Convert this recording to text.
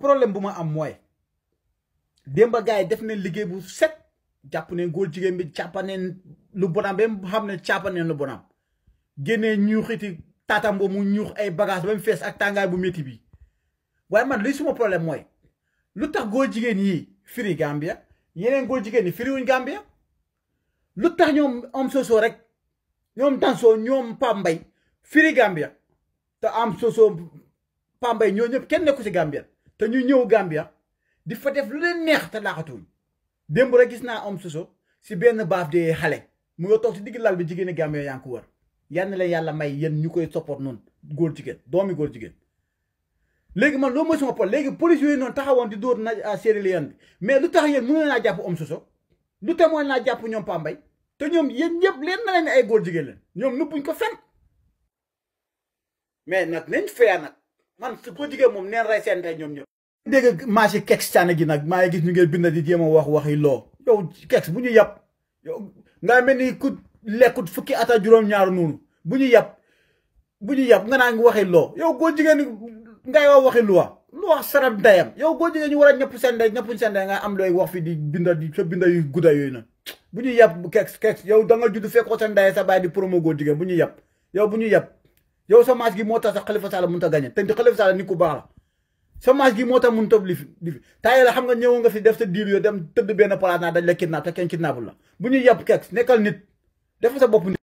problème bu ma am mooy démba gars yi def nañ liggéey bu set jàpp ne góor jigéen bi càppaneen lu bonam ba xam ne càppaneen lu bonam génnee ñuuxiti taatam ba mu ñuux ay bagage ba mu fees ak tàngaay bu métti bi waaye man li suma problème mooy lu tax góor jigéen yi firi Gambia yeneen góor jigéen yi firiwuñ Gambia lu tax ñoom am rek ñoom Danso ñoom Pambay firi Gambia te am soso Pambay ñoo ñëpp kenn nekku ci Gambia te ñuy ñëw Gambia di fa def lu leen neex te laaxatuñ démb rek gis naa am soso si benn baaf de xale mu nga toog si digg lal bi jigéeni Gambia yaa ngi ko wër yal na yàlla may yéen ñu koy support noonu góor jigéen doomi góor jigéen léegi man loolu mooy sama pol léegi police yooyu noonu taxawoon di dóor na ah, Sierra Leone bi mais lu tax yéen mënu naa jàpp om soso lu tax mën naa jàpp ñoom Pambay te ñoom yéen ñëpp leen na leen ay góor jigéen leen ñoom nëbbuñ ko fen mais nag nañ feya nag man su politique mom neen ray sen tay ñom ñep dégg maa si kex cànn gi nak ma ngi gis ñu ngeen bind di jema a wax waxi lo yow kex bu ñu yàpp yow nga melni ku lekut fukki ata juroom ñaar nuun bu ñu yàpp bu ñu yàpp nga naa ngi waxi yow góor jigéen nga yow waxi lo lo wax sarab dayam yow go jigéen ñu wara ñep sen day nga am loy wax fi di binda di sa binda yu gudda yoy na bu ñu kex kex yow da nga judd fekko sen sa bay di promo go jigéen bu ñu yàpp yow bu ñu yow sa maas gi moo tax sax Khalifa Sall mënut a gagné te Khalifa Sall nit ku baax la sa maas gi moo ta mënut a lifi lifi taay la xam nga ñëw nga fi def sa diir yo dem tëdd benn place naa dañ la kidnap te kenn kidnappul la bu ñuy yàpp keks nekkal nit def sa bopp nit